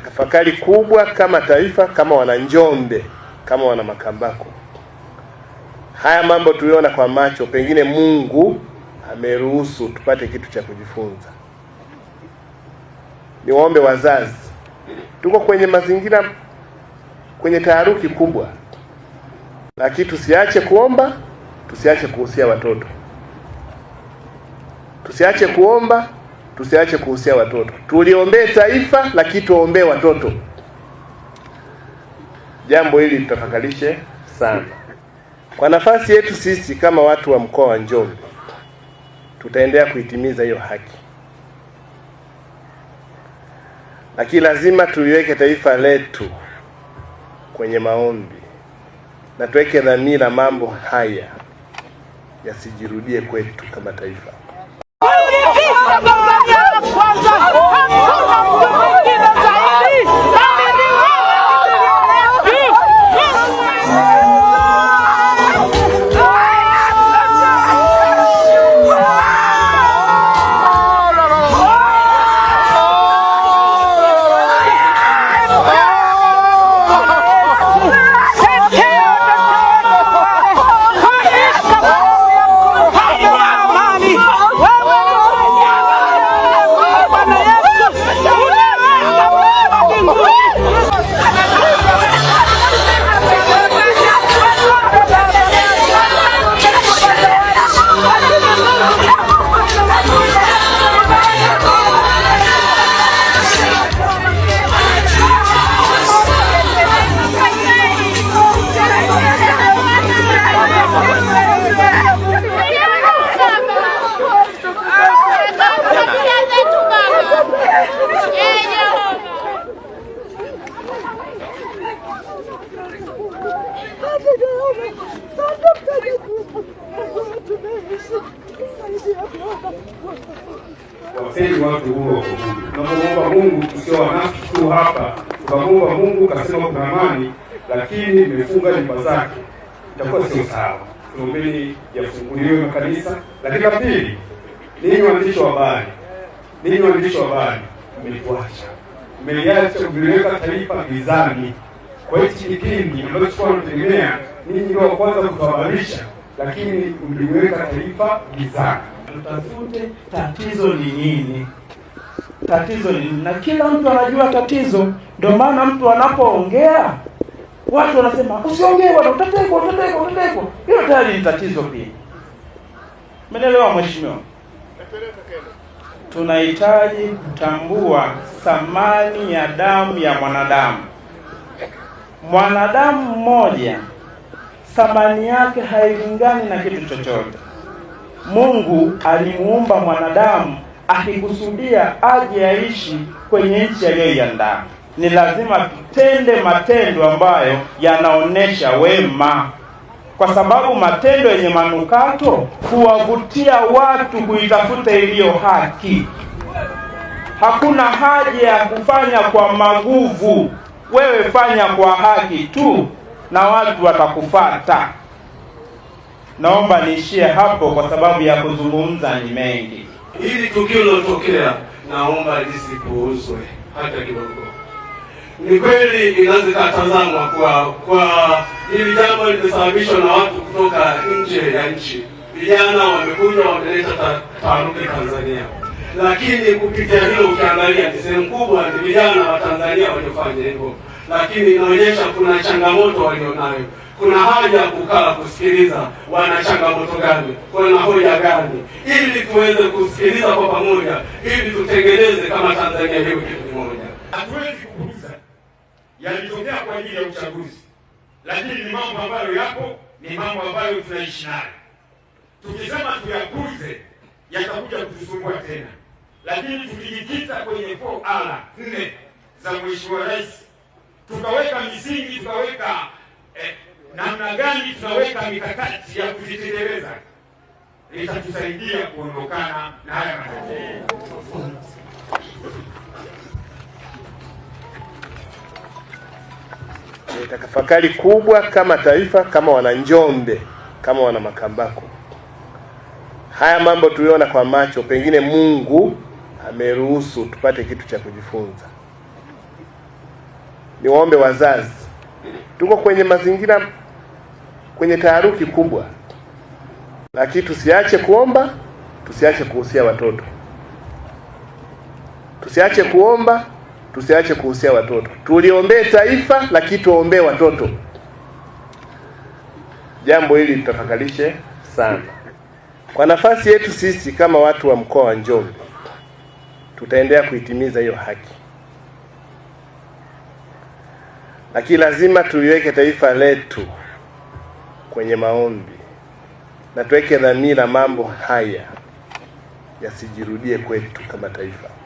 tafakari kubwa kama taifa, kama wana Njombe, kama wana Makambako. Haya mambo tuliona kwa macho, pengine Mungu ameruhusu tupate kitu cha kujifunza. Niwaombe wazazi, tuko kwenye mazingira, kwenye taharuki kubwa, lakini tusiache kuomba, tusiache kuhusia watoto, tusiache kuomba Tusiache kuhusia watoto, tuliombee taifa, lakini tuwaombee watoto. Jambo hili tutafakalishe sana. Kwa nafasi yetu sisi kama watu wa mkoa wa Njombe, tutaendelea kuitimiza hiyo haki, lakini lazima tuliweke taifa letu kwenye maombi na tuweke dhamira mambo haya yasijirudie kwetu kama taifa. 看！wapenzi watu huo wa Mungu, tunamuomba Mungu tusio wanafiki tu hapa, tukamwomba Mungu kasema kuna amani, lakini mmefunga nyumba zake, itakuwa sio sawa. Tuombeni yafunguliwe makanisa. Lakini la pili, ninyi waandishi wa habari, ninyi waandishi wa habari mmelituacha, mmeliacha, mmeliweka taifa gizani. Kwa hiyo hichi kipindi ambacho tunategemea ninyi ndio wa kwanza kutuhabarisha lakini uliweka taifa gizani. Tutafute tatizo ni nini, tatizo ni nini? Na kila mtu anajua tatizo, ndio maana mtu anapoongea watu wanasema usiongee bwana, utatekwa, utatekwa, utatekwa. Hilo tayari ni tatizo pia. Umeelewa mheshimiwa? Tunahitaji kutambua thamani ya damu ya mwanadamu. Mwanadamu mmoja thamani yake hailingani na kitu chochote. Mungu alimuumba mwanadamu akikusudia aje aishi kwenye nchi aliyoiandaa. Ni lazima tutende matendo ambayo yanaonesha wema, kwa sababu matendo yenye manukato huwavutia watu kuitafuta iliyo haki. Hakuna haja ya kufanya kwa maguvu, wewe fanya kwa haki tu na watu watakufata. Naomba niishie hapo kwa sababu ya kuzungumza ni mengi. Hili tukio lilotokea, naomba lisipuuzwe hata kidogo. Ni kweli inaweza ikatazamwa kwa kwa hili jambo limesababishwa na watu kutoka nje ya nchi, vijana wamekuja wameleta taharuki Tanzania, lakini kupitia hilo ukiangalia ni sehemu kubwa ni vijana wa Tanzania waliofanya hivyo lakini inaonyesha kuna changamoto walionayo. Kuna haja ya kukaa kusikiliza wana changamoto gani, kuna hoja gani, ili tuweze kusikiliza kwa pamoja, ili tutengeneze kama Tanzania hiyo kitu kimoja. Hatuwezi kupuuza yalitokea kwa ajili ya uchaguzi, lakini ni mambo ambayo yapo, ni mambo ambayo tunaishi nayo. Tukisema tuyakuze yatakuja kutusumbua tena, lakini tukijikita kwenye 4R 4 za Mheshimiwa Rais tukaweka misingi, tukaweka eh, namna gani tunaweka mikakati ya kuzitekeleza, itatusaidia kuondokana na haya matatizo. Tafakari kubwa kama taifa, kama wana Njombe, kama wana Makambako. Haya mambo tuliona kwa macho, pengine Mungu ameruhusu tupate kitu cha kujifunza niwaombe wazazi, tuko kwenye mazingira, kwenye taharuki kubwa, lakini tusiache kuomba, tusiache kuhusia watoto, tusiache kuomba, tusiache kuhusia watoto. Tuliombee taifa, lakini tuombee watoto. Jambo hili tutafakalishe sana. Kwa nafasi yetu sisi kama watu wa mkoa wa Njombe, tutaendelea kuitimiza hiyo haki. Lakini lazima tuliweke taifa letu kwenye maombi na tuweke dhamira mambo haya yasijirudie kwetu kama taifa.